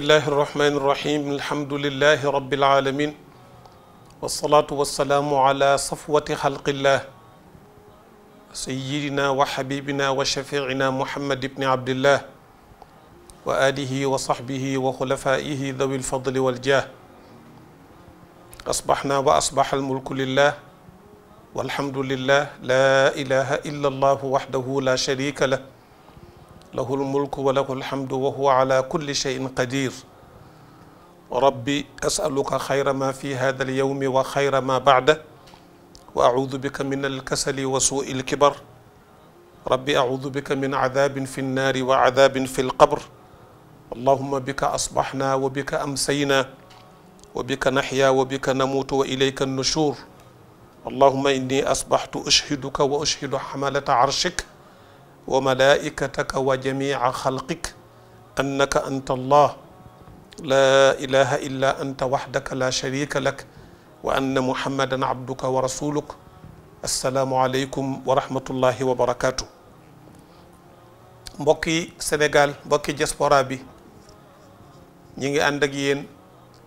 الله الرحمن الرحيم الحمد لله رب العالمين والصلاة والسلام على صفوة خلق الله سيدنا وحبيبنا وشفيعنا محمد بن عبد الله وآله وصحبه وخلفائه ذوي الفضل والجاه أصبحنا وأصبح الملك لله والحمد لله لا إله إلا الله وحده لا شريك له له الملك وله الحمد وهو على كل شيء قدير ربي أسألك خير ما في هذا اليوم وخير ما بعده وأعوذ بك من الكسل وسوء الكبر ربي أعوذ بك من عذاب في النار وعذاب في القبر اللهم بك أصبحنا وبك أمسينا وبك نحيا وبك نموت وإليك النشور اللهم إني أصبحت أشهدك وأشهد حملة عرشك وملائكتك وجميع خلقك انك انت الله لا اله الا انت وحدك لا شريك لك وان محمدا عبدك ورسولك السلام عليكم ورحمه الله وبركاته مبكي سنغال مبكي جسبورا بي نيغي اندك يين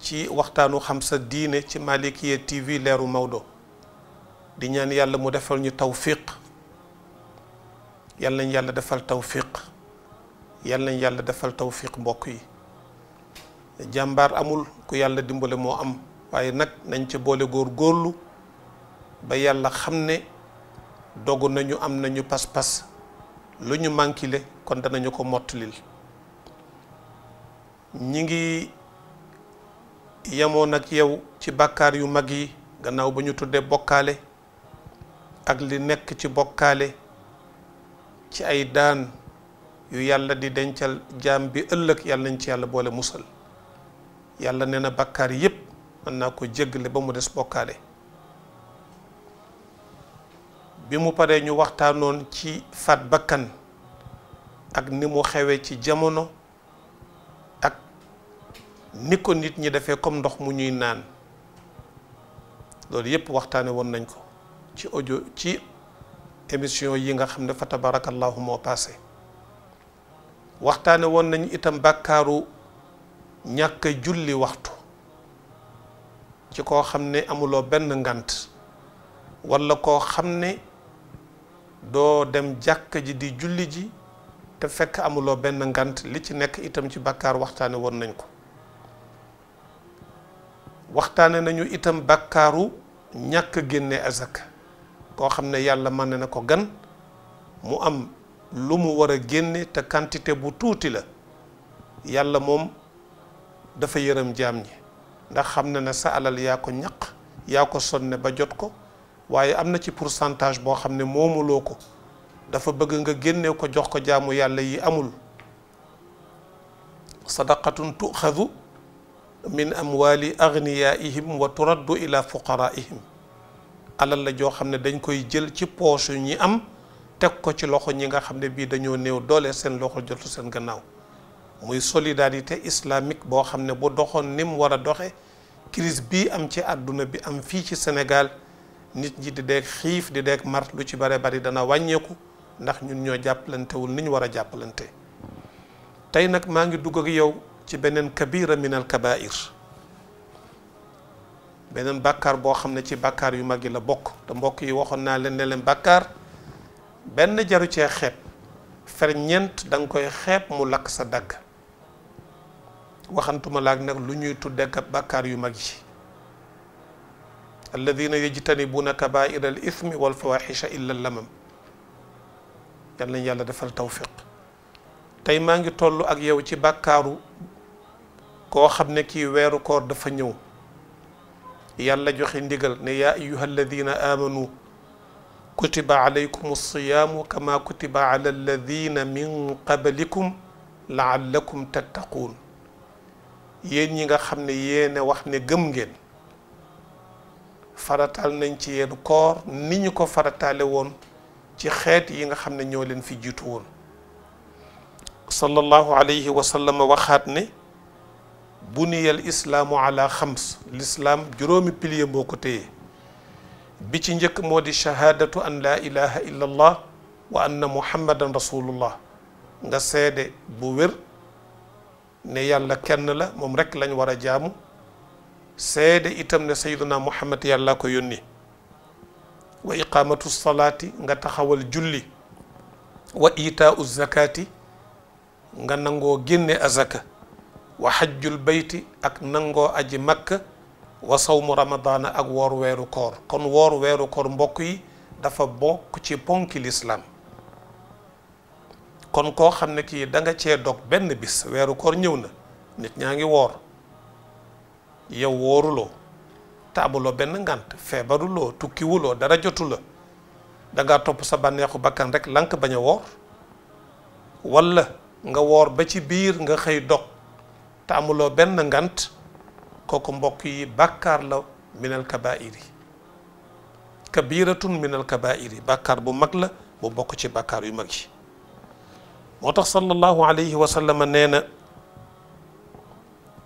تي وقتانو خمسه دين تي مالكيه تي في ليرو مودو دي نيان يالا توفيق yal nañ yàlla defal tawfiq yal nañ yàlla defal tawfiq mbokk yi jàmbaar amul ku yàlla dimbale moo am waaye nag nañ ca boole góor góorlu ba yàlla xam ne dogu nañu am nañu pas-pas lu ñu mànkile kon danañu ko mottalil ñi ngi yemoon ak yow ci bàkkaar yu mag yi gannaaw ba ñu tuddee bokkaale ak li nekk ci bokkaale ci ay daan yu yàlla di dencal jaam bi ëllëg yàlla nañ ci yàlla boole musal yàlla nee na bakkaar yépp mën naa ko jéggale ba mu des bokkaale bi mu paree ñu waxtaanoon ci faat bakkan ak ni mu xewee ci jamono ak ni ko nit ñi defee comme ndox mu ñuy naan loolu yépp waxtaane woon nañ ko ci audio ci émission yi nga xam ne fa tabarakallahu moo paase waxtaane woon nañu itam bàkkaaru ñàkk julli waxtu ci koo xam ne amuloo benn ngant walla koo xam ne doo dem jàkk ji di julli ji te fekk amuloo benn ngant li ci nekk itam ci bàkkaar waxtaane woon nañ ko waxtaane nañu itam bàkkaaru ñàkk génne azaka koo xam ne yàlla mën na ko gan mu am lu mu war a génne te quantité bu tuuti la yàlla moom dafa yërëm jaam ñi ndax xam na ne sa alal yaa ko ñaq yaa ko sonne ba jot ko waaye am na ci pourcentage boo xam ne moomuloo ko dafa bëgg nga génne ko jox ko jaamu yàlla yi amul sadaqatun tuxadu min amwali agniyaihim wa turaddu ila fuqaraihim alal la joo xam ne dañ koy jël ci poche ñi am teg ko ci loxo ñi nga xam ne bii dañoo néew doole seen loxo jotu seen gannaaw muy solidarité islamique boo xam ne bu doxoon ni mu war a doxe crise bii am ci àdduna bi am fii ci senegal nit ñi di deeg xiif di deeg mar lu ci bare bari dana wàññeeku ndax ñun ñoo jàppalantewul ni ñu war a jàppalante tey nag maa ngi dugg ak yow ci beneen kabira min al benen bakkar bo xamne ci bakkar yu magi la bok te mbok yi waxon na len ne leen bàkkaar benn jaru ci xeb fer ñent dang koy xeb mu lak sa dag waxantuma lak nak lu ñuy tudde ak bakkar yu magi yi yajtanibuna kabaira al ithmi wal fawahisha illa lamam yal nañ yàlla defal tawfiq tay ma ngi tollu ak yow ci bakkaru ko xamne ki wéru koor dafa ñëw يلا جوخي ندغل يا ايها الذين امنوا كتب عليكم الصيام كما كتب على الذين من قبلكم لعلكم تتقون يين نيغا خامني يينا واخني گم گين فراتال نانتي يين كور ني نيكو فراتالي وون تي خيت ييغا خامني نيو لين في جيتو وون صلى الله عليه وسلم وخاتني buniyal islaamu ala xams l'islaam juróomi pilier moo ko téye bi ci njëkk moo di shahaadatu an laa ilaha illa allah muhammadan rasulullah nga sédé bu wér ne yàlla kenn la moom rekk lañ war jaamu seede itam ne sayyiduna muhammad yàlla ko yónni wa iqaamatu salaati nga taxawal julli wa itaau zakaati nga nangoo génne azaka وحج البيت اك نانغو اجي مكه وصوم رمضان اك وور ويرو كور كون وور ويرو كور مبوكي دافا بوك سي بونكي الاسلام كون كو خامن كي داغا تي دوك بن بيس ويرو كور نيونا نيت نياغي وور يا وورلو تابلو بن غانت فيبرلو توكي ولو دارا جوتولا داغا توب سا بانيخو بكان رك لانك باغا وور ولا nga wor ba ci biir nga xey dok te amuloo benn ngant kooku mbokk yi bàkkaar la minal kabairi kabiratun minal kabairi bakkar bu mag la bu mbokk ci bàkkaar yu mag yi moo sallallahu alayhi wa sallam nee na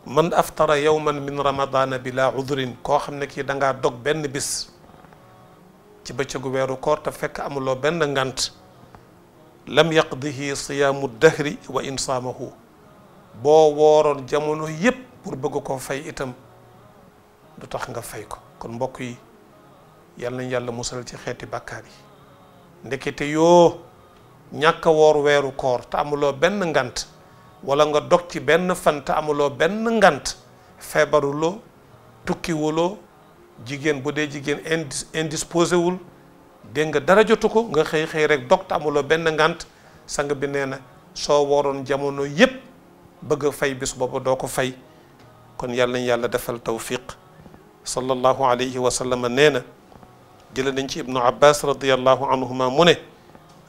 man aftara yowman min ramadan bila udrin koo xam ne da ngaa dog benn bis ci bëccëgu weeru koor te fekk amuloo benn ngant lam yaqdihi siyaamu dahri wa insaamahu bo woron jamono yep pour bëgg ko fay itam du tax nga fay ko kon mbokk yi yalla nañ yàlla musal ci xeeti bakkar yi ndekete yo ñak wor woor koor ta amulo ben ngant wala nga dok ci ben fan ta amulo ben ngant tukki wolo jigen bu de jigen indisposé wul de nga dara jotuko nga xey xey rek dok ta amulo ben ngant sang bi neena so woron jamono yep bëgg a fay bis boobu doo ko fay kon yàlla nañ yàlla defal tawfiq sallallahu alayhi wa sallam nee na jële nañ ci ibnu abbas radiallahu anhuma mu ne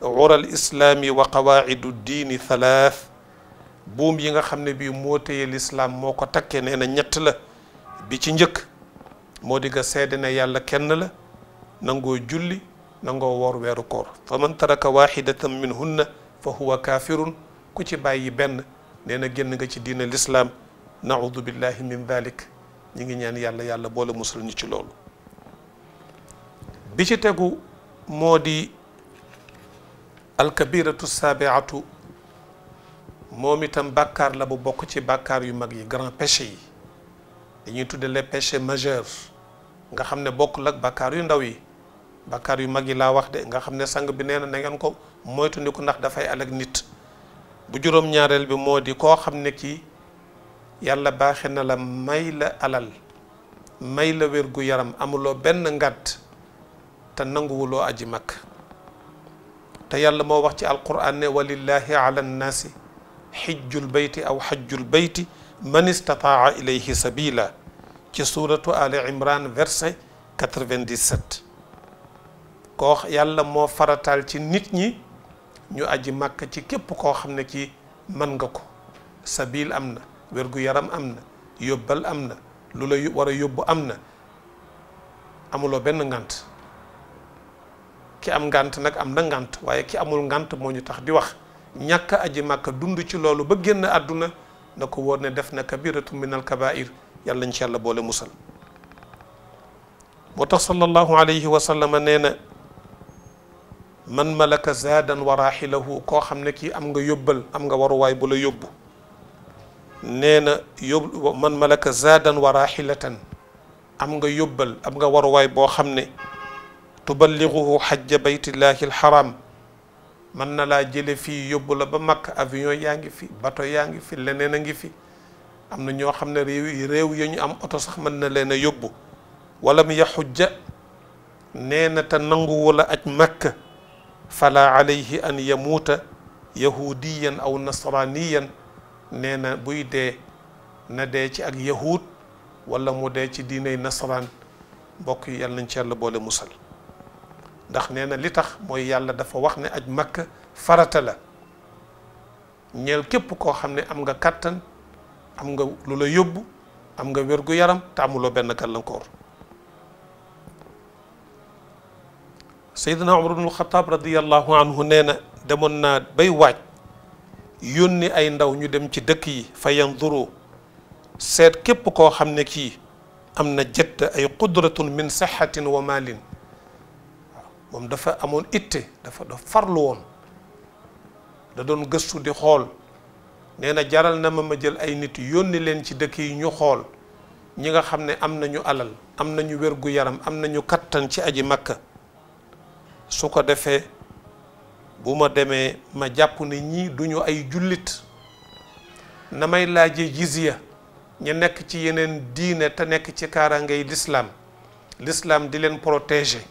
ura al islaami wa qawaidu diini thalath buum yi nga xam ne bii moo téye lislaam moo ko takkee nee na ñett la bi ci njëkk moo di nga seede ne yàlla kenn la nangoo julli nangoo woor weeru koor fa man taraka waxidatan minhunna fa huwa kaafirun ku ci bàyyi benn nee na génn nga ci diina lislaam naudu billahi min dalik ñu ngi ñaan yàlla yàlla boole musal ñu ci loolu bi ci tegu moo di alkabiratu saabiatu moom itam bàkkaar la bu bokk ci bàkkaar yu mag yi grand péché yi dañuy tudde les péchés majeurs nga xam ne bokkul ak bàkkaar yu ndaw yi bàkkaar yu mag yi laa wax de nga xam ne sang bi nee na na ko moytu ni ko ndax dafay alak nit bu juróom-ñaareel bi moo di koo xam yàlla baaxe na la may la alal may la wér gu yaram amuloo benn ngàtt te nanguwuloo aji mag te yàlla moo wax ci alquran ne walillahi ala nnaasi xijjul bayti aw xajjul bayti man istataa ilayhi sabila ci suratu ali imran verset 97 koo yàlla mo faratal ci nit ñi ñu aji màkk ci képp koo xam ne ki man nga ko sabil am na wérgu yaram am na yóbbal am na lu la war a yóbbu am na amuloo benn ngant ki am ngant nag am na ngant waaye ki amul ngant moo ñu tax di wax ñàkk aji màkk dund ci loolu ba génn àdduna na ko wóor ne def na kabiratu min al kabair yàlla incha boole musal moo tax sallallahu alayhi wa sallam man malaka zaadan wa raaxilahu koo xam ne kii am nga yóbbal am nga waruwaay bu la yóbbu nee na yóbbu man malaka zaadan wa raaxilatan am nga yóbbal am nga waruwaay boo xam ne tuballighuhu xajja baytillahi alxaram mën na laa jële fii yóbbu la ba makk avion yaa ngi fi bato yaa ngi fi leneen a ngi fi am na ñoo xam ne réew réew ya ñu am oto sax mën na leen a yóbbu walam yaxujja nee na te nanguwula aj makka فلا عليه أن يموت يهوديا أو نصرانيا نينا بوي دي نديك أك يهود ولا موديك ديني نصران بوكي يالن شال بول مسل داخ نينا لتخ موي يالا دفا وخنا أج مكة فرطلا نيل كيب كو خمني أمغا كاتن أمغا لولو يوب أمغا ويرغو يرم تعملو بيانا كالنكور سيدنا عمر بن الخطاب رضي الله عنه نينا دمنا بي واج يوني اي نداو ني ديم سي دك يي سيد كيب كو خامني كي امنا جت اي قدره من صحه ومال موم دا فا امون ايت دا فا دا فارلو وون دا دون گستو دي خول نينا جارال نا ما جيل اي نيت يوني لين سي دك يي ني خول نيغا خامني امنا ني علال امنا ني ويرغو يارام امنا ني كاتان سي ادي مكه su ko defee bu ma demee ma jàpp ne ñii duñu ay jullit na may laaje jizya ñu nekk ci yeneen diine te nekk ci kaarangay lislaam lislaam di leen protéger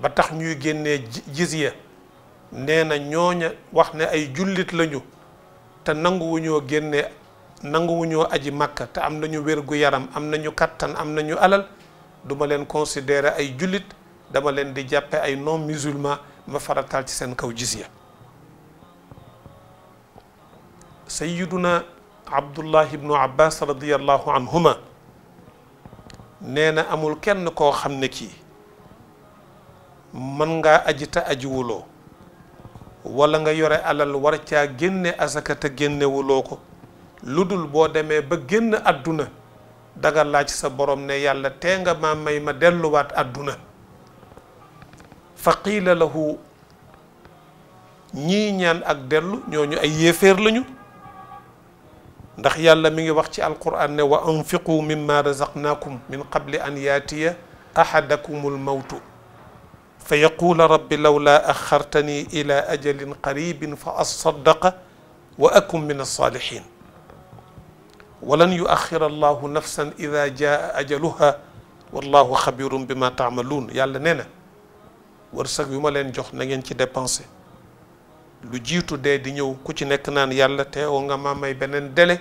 ba tax ñuy génnee jizya nee na ñooña wax ne ay jullit lañu te nanguwuñoo génnee nanguwuñoo aji màkka te am nañu wér gu yaram am nañu kattan am nañu alal duma leen considérer ay jullit dama leen di jàppe ay non musulman ma farataal ci seen kaw jizya sayiduna abdullah ibnu abbas radiallahu anhuma nee na amul kenn koo xam ne kii mën ngaa aji te ajiwuloo wala nga yore alal war caa génne asaka génnewuloo ko lu dul boo demee ba génn àdduna danga laaj sa borom ne yàlla tee nga ma may ma delluwaat àdduna فقيل له ني نيان اك دلو ньо ньо اي ييفير لا نيو يالا وانفقوا مما رزقناكم من قبل ان ياتي احدكم الموت فيقول رب لولا اخرتني الى اجل قريب فاصدق واكن من الصالحين ولن يؤخر الله نفسا اذا جاء اجلها والله خبير بما تعملون يالا نينا wërsëg yu ma leen jox na ngeen ci dépensé lu jiitu dee di ñëw ku ci nekk naan yàlla teewoo nga ma may beneen délai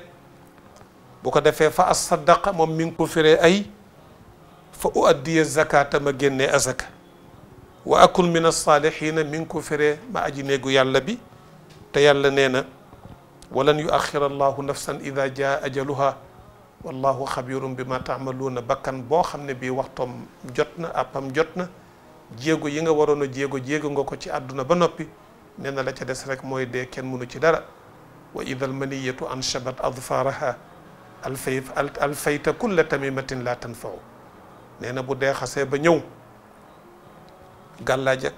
bu ko defee fa as sadaqa moom mi ngi ko firee ay fa u addiye zakata ma génnee azaka wa akun min as-saalihiina mi ngi ko firee ma aji néegu yàlla bi te yàlla nee na walan yu axira allahu nafsan ida jaa ajaluha wallahu xabirum bi ma taamaluuna bakkan boo xam ne bii waxtoom jot na àppam jot na jéego yi nga waroon a jéego jéego nga ko ci àdduna ba noppi nee na la ca des rek mooy dee kenn mënu ci dara ma wa ida almaniyatu anshabat adfaaraha alfay alfayta kulla tamimatin la tanfau nee na bu dee xasee ba ñëw gàllaaj ak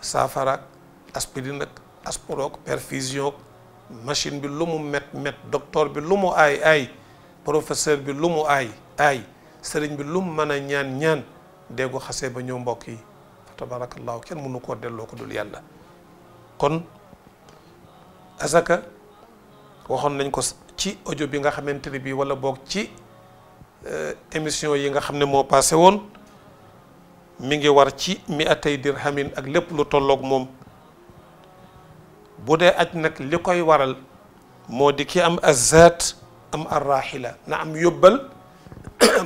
saafaraak aspirine ak asporook perfusion machine bi lu mu met met docteur bi lu mu aay aay professeur bi lu mu aay aay sëriñ bi lu mu mën a ñaan ñaan déggu xasee ba ñëw mbokk yi tabarakallahu kenn mënu koo delloo ko dul yàlla kon asaka waxoon nañ ko ci audio bi nga xamante ne bii wala boog ci émission yi nga xam ne moo passé woon mi ngi war ci mi atay dirhamin ak lépp lu tolloog moom bu dee aj nag li koy waral moo di ki am azat am arrahila na am yóbbal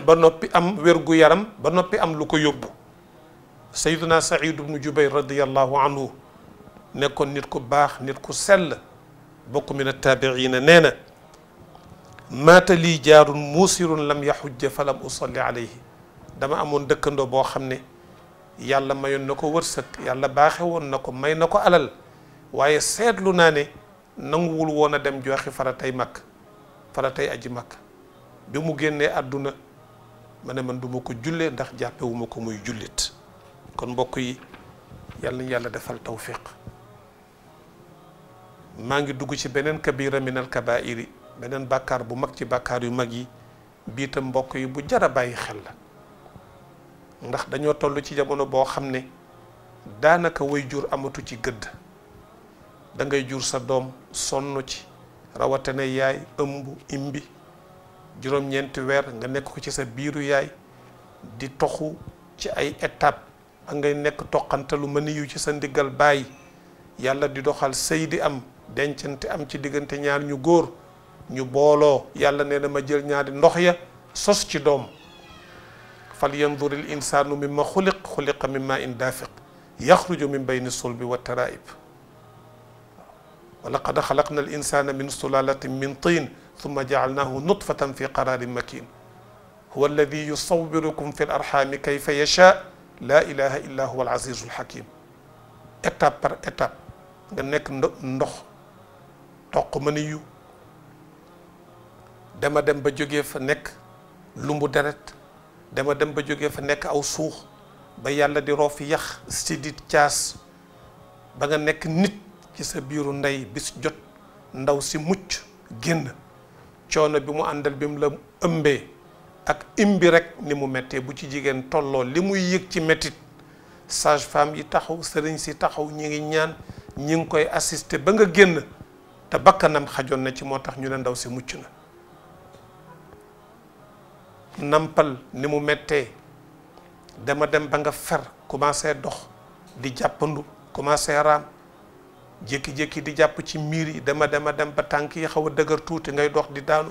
ba noppi am wér gu yaram ba noppi am lu ko yóbbu sayduna saïd ibnu jubayr radiallahu anhu nekkoon nit ku baax nit ku sell bokk min attaabiina nee na maata lii jaarun muusirun lam yaxujja fa lam usalli alayhi dama amoon dëkkandoo boo xam ne yàlla mayoon na ko wërsëg yàlla baaxe woon na ko may na ko alal waaye seetlu naa ne nanguwul woon a dem joxe faratay mag faratay aji mag bi mu génnee àdduna ma ne man du ma ko jullee ndax jàppewuma ko muy jullit kon mbokk yi yàlla yàlla defal tawfiq maa ngi dugg ci beneen kabira min al kabairi beneen bàkkaar bu mag ci bàkkaar yu mag yi bii mbokk yi bu jar a bàyyi xel la ndax dañoo toll ci jamono boo xam ne daanaka way jur amatu ci gëdd da ngay jur sa doom sonn ci rawatina yaay ëmb imbi juróom-ñeenti weer nga nekk ko ci sa biiru yaay di toxu ci ay étape ba ngay nekk toqantalu maniyu ci sa ndiggal bàyyi yàlla di doxal sëy di am dencante am ci diggante ñaar ñu góor ñu booloo yàlla nee na ma jël ñaari ndox ya sos ci doom fal yandur il insaanu mimma xuliq xuliqa mimma in daafiq yaxruju min bayni sulbi wa taraib wa laqad xalaqna al insana min sulalatin ثم جعلناه نطفة في قرار مكين هو الذي يصوركم في الأرحام كيف يشاء laa ilaha illa huwa al azizul hakim étape par étape nga nekk ndox toq mën yu dama dem ba jógee fa nekk lumbu deret dama dem ba jógee fa nekk aw suux ba yàlla di roof yax si di caas ba nga nekk nit ci sa biiru ndey bis jot ndaw si mucc génn coono bi mu àndal bi mu la ëmbee ak imbi rek ni mu metti bu ci jigen tollo li yek ci métit sage femme yi taxaw serigne ci taxaw ñi ngi ñaan ñi ngi koy assister ba nga genn te bakkanam xajon na ci motax ñu ne ndaw ci muccu na nampal ni mu metti dama dem ba nga fer commencé dox di jappandu commencé ram jeki jeki di japp ci miri dama dama dema dem ba tanki yi deugar a ngay dox di daanu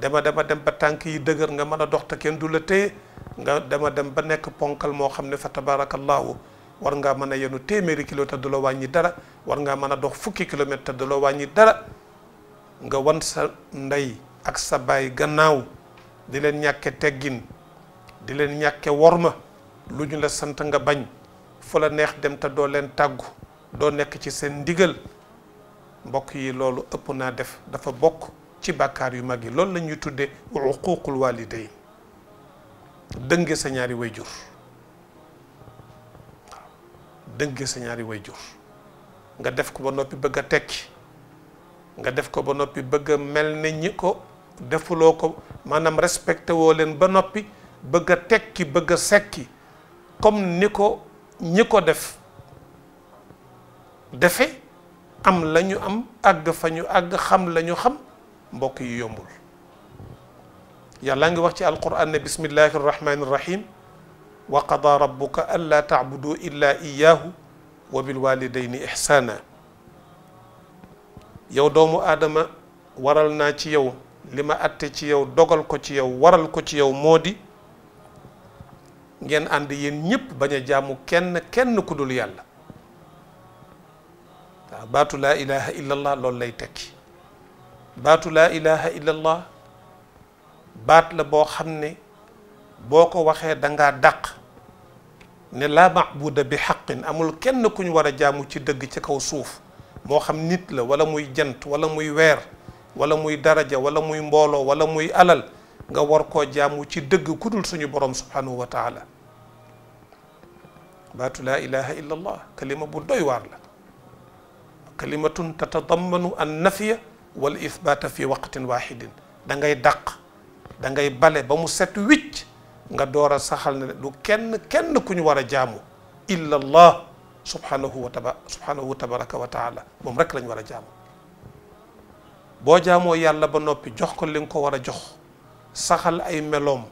dama dama dem ba tànk yi dëgër nga mën a dox te kenn du la téye nga dama dem ba nekk ponkal moo xam ne fa tabarakallahu war ngaa mën a yenu téeméeri kilo te du la wàññi dara war ngaa mën a dox fukki kilomètre te du la nga wan sa ndey ak sa baay gannaaw di leen ñàkke teggin di leen ñàkke worma lu ñu la sant nga bañ fu la neex dem te doo leen tàggu doo nekk ci seen ndigal mbokk yi loolu ëpp naa def dafa bokk ci bàkkaar yu mag yi loolu lañuy ñuy tudde uququl walidayn dënge sa ñaari way jur waaw dënge sa ñaari way jur nga def ko ba noppi bëgg a tekki nga def ko ba noppi bëgg a mel ne ñi ko defuloo ko maanaam respecté woo leen ba noppi bëgg a tekki bëgg a sekki comme ni ko ñi ko def defe am lañu am agg fa ñu àgg xam lañu xam mbokk yi yombul yàlla ngi wax ci alquran ne bismillahi irrahmani wa qada rabbuka an ta'budu illa iyahu wa bilwalidayni ihsaana yow doomu adama waral naa ci yow li atte ci yow dogal ko ci yow waral ko ci yow moo di ngeen ànd yéen ñépp bañ jaamu kenn kenn ku dul yàlla waaw baatu laa ilaha illa allah loolu lay tekki baatu laa ilaha illallah baat la boo xam ne boo ko waxee dangaa dàq ne laa maabuda bi xaqin amul kenn ku ñu war a jaamu ci dëgg ci kaw suuf moo xam nit la wala muy jant wala muy weer wala muy daraja wala muy mbooloo wala muy alal nga war koo jaamu ci dëgg ku dul suñu borom subhanahu wa taala baatu laa ilaha illa allah kalima bu doy waar la kalimatun tatadammanu an nafiya والإثبات في وقت واحد waahidin da ngay dàq da ngay bale ba mu set wicc nga door saxal ne du kenn kenn ku ñu war a jaamu illa allah subhanahu wa taba subhanahu tabaraka wa taala moom rek lañ war a jaamu boo jaamoo yàlla ba noppi jox ko li nga ko war a jox saxal ay meloom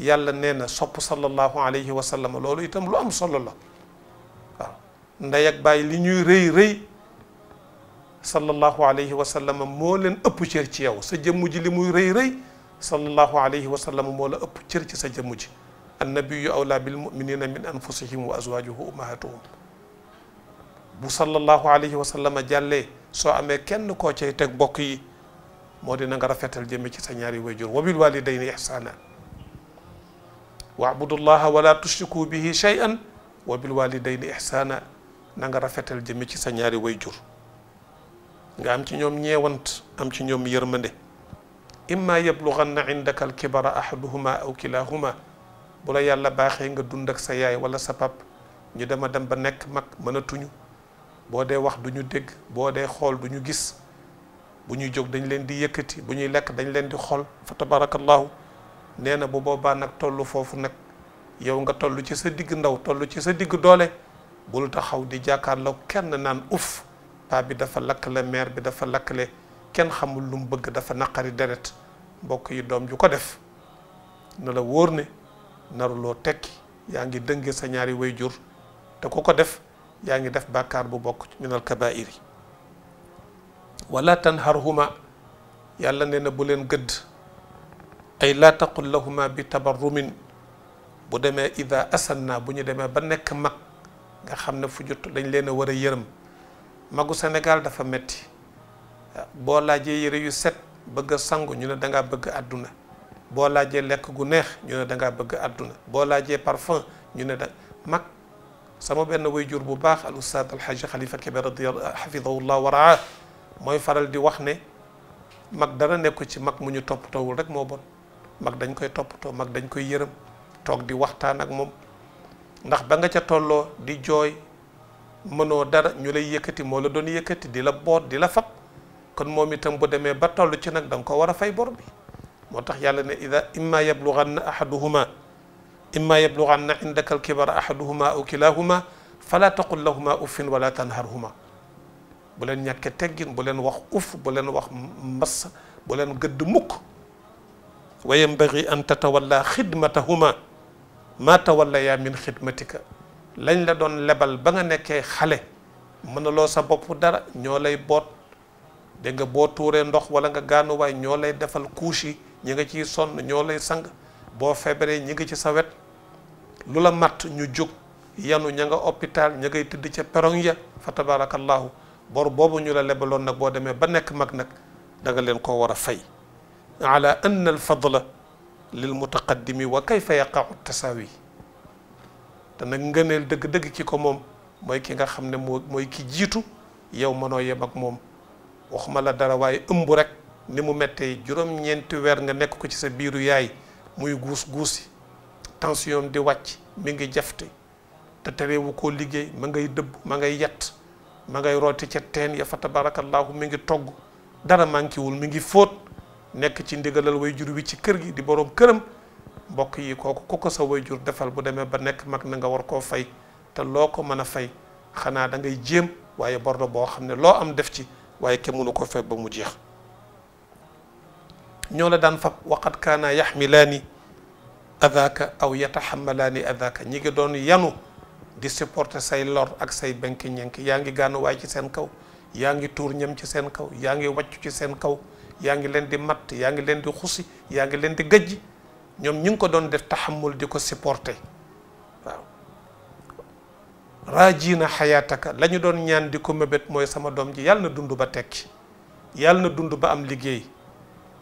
yàlla nee na sopp sallallahu alayhi wa sallam loolu itam lu am solo la waaw ndey ak bàyyi li ñuy rëy rëy sallallahu alayhi wa sallam moo leen ëpp cër ci yow sa jëmm ji li muy rëy rëy sallallahu alayhi wa sallam moo la ëpp cër ci sa jëmm ji annabiyu awla bil muminina min anfusihim wa azwajuhu ummahatuhum bu sallallahu alayhi wa sallam jàllee soo amee kenn koo cay teg mbokk yi moo dina nga rafetal jëme ci sa ñaari wayjur wa bil walidayni ihsana waabudullaha wala tushriku bihi shay'an wa bil walidayni ihsana na nga rafetal jëme ci sa ñaari wayjur nga am ci ñoom ñeewant am ci ñoom yërmande imma yablughanna indaka alkibara ahaduhuma aw kilahuma bu la yàlla baaxee nga dund ak sa yaay wala sa pap ñu dema dem ba nekk mag mënatuñu boo dee wax duñu dégg boo dee xool du ñu gis bu ñu jóg dañ leen di yëkkati bu ñuy lekk dañ leen di xool fa tabarakallahu nee na bu boobaa nag toll foofu nag yow nga toll ci sa digg ndaw toll ci sa digg doole bul taxaw di jàkkaarloo kenn naan uf paa bi dafa lakkale maire bi dafa lakkale ken xamul lu mu bëgg dafa naqari deret mbokk yi dom ju ko def na la wóor ne naruloo tekki yaa ngi dënge sa ñaari wayjur te ko ko def yaangi def bàkkaar bu bokk min al kabaa'iri wala tanharhuma yàlla neena bu len geud ay la taqul lahuma bi tabarrum bu deme ida asanna bu ñu deme ba nek mak nga xamne fu jott dañ leena wara war magu Sénégal dafa metti boo laajee yére yu set bëgg a sangu ñu ne dangaa bëgg àdduna boo laajee lekk gu neex ñu ne bëgg àdduna boo laajee parfum ñu ne da mag sama benn wayjur bu baax al ustaad alxaaji xalifa kebe radi xafidahullah waraa mooy faral di wax ne mag dara nekk ci mag mu ñu toppatoowul rek moo bon mag dañ koy toppatoo mag dañ koy yërëm toog di waxtaan ak moom ndax ba nga ca tolloo di jooy mëno dara ñu lay yëkëti mo la doon yëkëti di la boot di la fab kon moom itam bu demee ba tollu ci nag da nga ko war a fay bor bi moo tax yàlla ne ida imma yablughanna ahaduhuma imma yablughanna indaka alkibara ahaduhuma aw kilahuma fala taqul lahuma uffin wala tanharhuma bu leen ñàkke teggin bu leen wax uf bu leen wax mbass bu leen gëdd mukk wa yanbaghi an tatawalla xidmatahuma ma tawallaya min xidmatika lañ la doon lebal ba nga nekkee xale mënaloo sa bopp dara ñoo lay boot dégg nga boo tuuree ndox wala nga gaanuwaay ñoo lay defal couche yi ñi nga ciy sonn ñoo lay sang boo feebaree ñi ngi ci sa wet lu la matt ñu jóg yanu ña nga hôpital ña ngay tëdd ca perong ya fa tabarakallahu bor boobu ñu la lebaloon nag boo demee ba nekk mag nag danga leen koo war a fay ala anna al fadla lil mutaqaddimi wa kay kayfa yaqau tasawi te nag ngëneel dëgg-dëgg ki ko moom mooy ki nga xam ne moo mooy ki jiitu yow ma noo yem ak moom waxuma la dara waaye ëmb rek ni mu mettee juróom-ñeenti weer nga nekk ko ci sa biiru yaay muy guus guusi tension di wàcc mi ngi jafte te terewu koo liggéey ma ngay dëbb ma ngay yett ma ngay rooti ca teen ya fa tabarakallahu mi ngi togg dara manqué wul mi ngi fóot nekk ci ndigalal way jur wi ci kër gi di boroom këram mbokk yi kooku ku ko sa jur defal bu demee ba nekk mag na nga war koo fay te loo ko mën a fay xanaa da ngay jéem waaye bor boo xam ne loo am def ci waaye kenn mënu ko fay ba mu jeex ñoo la daan fab waqat laa ni adaka aw yataxamalaani adaka ñi ngi doon yanu di supporter say lor ak say benki ñenki yaa ngi gànnuwaay ci seen kaw yaa ngi tuur ñam ci seen kaw yaa ngi wàccu ci seen kaw yaa ngi leen di matt yaa ngi leen di xusi yaa ngi leen di gëjj ñoom ñu ngi ko doon def taxamul di ko supporter waaw raajiina xayaataka la lañu doon ñaan di ko mebet mooy sama doom ji yàlla na dund ba tekki yàlla na dund ba am liggéey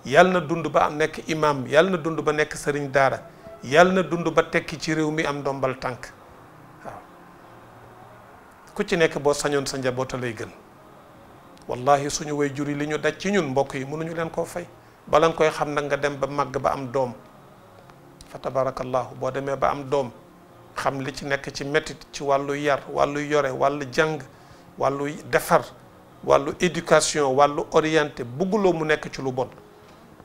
yàlla na dund ba am nekk imam yàlla na dund ba nekk sëriñ daara yàlla na dund ba tekki ci réew mi am ndombal tànk waaw ku ci nekk boo sañoon sa njaboota lay gën wallahi suñu way jur yi li ñu daj ci ñun mbokk yi mënuñu leen koo fay bala nga koy xam nag nga dem ba màgg ba am doom fa tabarakallahu boo demee ba am doom xam li ci nekk ci métit ci wàllu yar wàllu yore wàllu jàng wàllu defar wàllu éducation wàllu orienté bugguloo mu nekk ci lu bon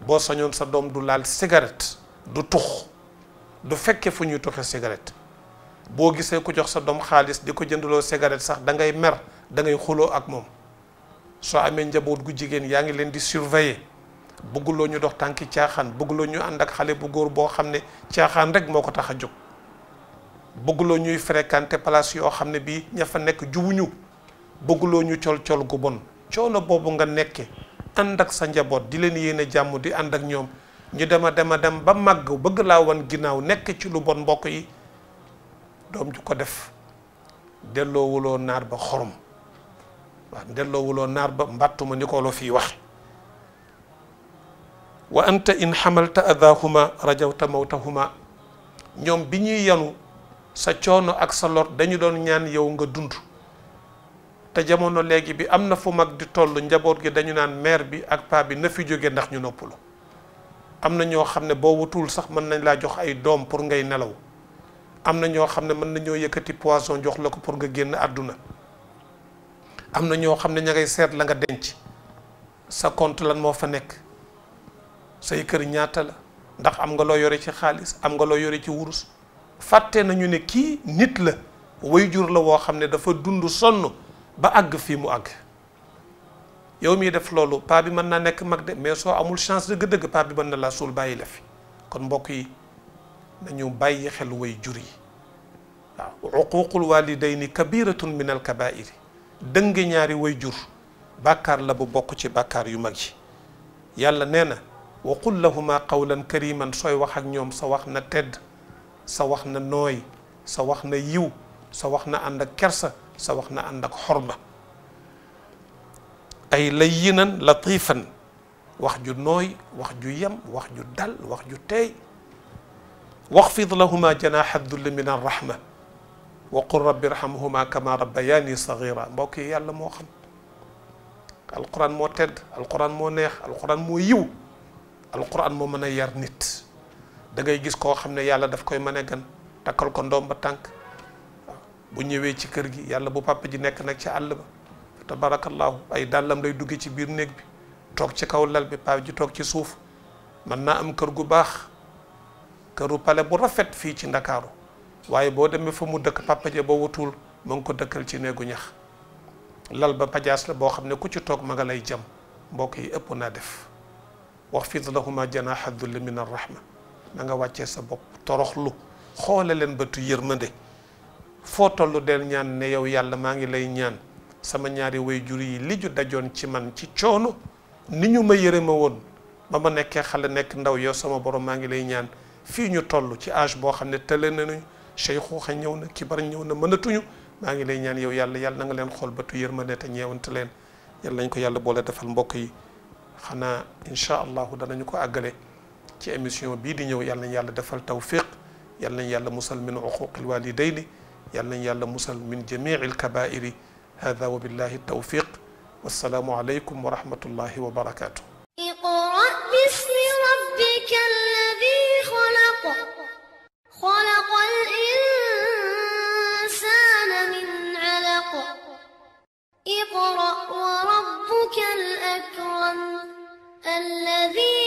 boo sañoon sa doom du laal cigarette du tux du fekkee fu ñuy tuxe cigarette boo gisee ku jox sa doom xaalis di ko jëndaloo cigarette sax dangay ngay mer da ngay xuloo ak moom soo amee njaboot gu jigéen yaa ngi leen di surveiller bëgguloo ñu dox tànki caaxaan bëgguloo ñu ànd ak xale bu góor boo xam ne caaxaan rek moo ko tax a jóg bëgguloo ñuy fréquenté place yoo xam ne bii ña fa nekk jubuñu bëgguloo ñu col col gu bon coono boobu nga nekke ànd ak sa njaboot di leen yéene jàmm di ànd ak ñoom ñu dema dema dem ba màgg bëgg laa wan ginnaaw nekk ci lu bon mbokk yi doom ju ko def delloowuloo naar ba xorom waaw delloowuloo naar ba mbàttuma ni ko la fii wax wa anta in xamalta adahuma rajawta mawtahuma ñoom bi ñuy yanu sa coono ak sa lor dañu doon ñaan yow nga dund te jamono léegi bi am na fu mag di toll njaboot gi dañu naan mère bi ak paa bi na fi jóge ndax ñu noppalu am na ñoo xam ne boo wutul sax mën nañ laa jox ay doom pour ngay nelaw am na ñoo xam ne mën nañoo yëkkati poisson jox la ko pour nga génn àdduna am na ñoo xam ne ña ngay seet la nga denc sa compte lan moo fa nekk say kër ñaata la ndax am nga loo yore ci xaalis am nga loo yore ci wurus fàtte nañu ne kii nit la jur la woo xam ne dafa dund sonn ba àgg fii mu àgg yow mii def loolu paa bi mën naa nekk mag de mais soo amul chance dëgg-dëgg paa bi mën na laa suul bàyyi la fi kon mbokk yi nañu bàyyi xel jur yi waaw uququl walidayni kabiratun min al kabairi dëng ñaari wayjur bàkkaar la bu bokk ci bàkkaar yu mag yi yàlla nee na وقل لهما قولا كريما سوي واخك نيوم سا واخنا تيد سا واخنا نوي سا واخنا يو سا واخنا اندك كرسا سا واخنا اندك حرمه اي لينا لطيفا واخ جو نوي واخ جو يم واخ جو دال واخ جو تي واخفض لهما جناح الذل من الرحمه وقل رب ارحمهما كما ربياني صغيرا بوكي يالا مو خم القران مو تد القران مو نيخ القران مو يو alquran moo mën a yar nit da ngay gis koo xam ne yàlla daf koy mën a takkal ko ndoom ba tànk bu ñëwee ci kër gi yàlla bu papa ji nekk nag ci àll ba tabarakallahu ay dàllam lay dugge ci biir néeg bi toog ci kaw lal bi papa ji toog ci suuf mën naa am kër gu baax këru pale bu rafet fii ci ndakaaru waaye boo demee fa mu dëkk papa ji ba wutul mu ngi ko dëkkal ci néegu ñax lal ba pajaas la boo xam ne ku ci toog ma nga lay jam mbokk yi ëpp naa def waxfid lahuma janaaxa dulli min arrahma na nga wàccee sa bopp toroxlu xoole leen bëtu yërmande foo toll del ñaan ne yow yàlla maa ngi lay ñaan sama ñaari way jur yi li ju dajoon ci man ci coono ni ñu ma yëre ma woon ba ma nekkee xale nekk ndaw yow sama borom maa ngi lay ñaan fii ñu toll ci âge boo xam ne tële nañu seyxuuxa ñëw na kibar ñëw na mënatuñu maa ngi lay ñaan yow yàlla yàlla na nga leen xool bëtu yërmande te ñeewante leen yàlla nañ ko yàlla boole defal mbokk yi xanaa incha allahu danañu ko àggale ci émission bii di ñëw yàlla nañ yàlla defal tawfiq yàlla nañ yàlla musal min uquqil walidayni yàlla nañ yàlla musal min jamiil kabairi hada wa billahi tawfiq wassalaamu alaykum wa rahmatullahi wa barakatuh اقرأ باسم ربك الذي خلق خلق الإنسان من علق اقرأ وربك الأكرم الذي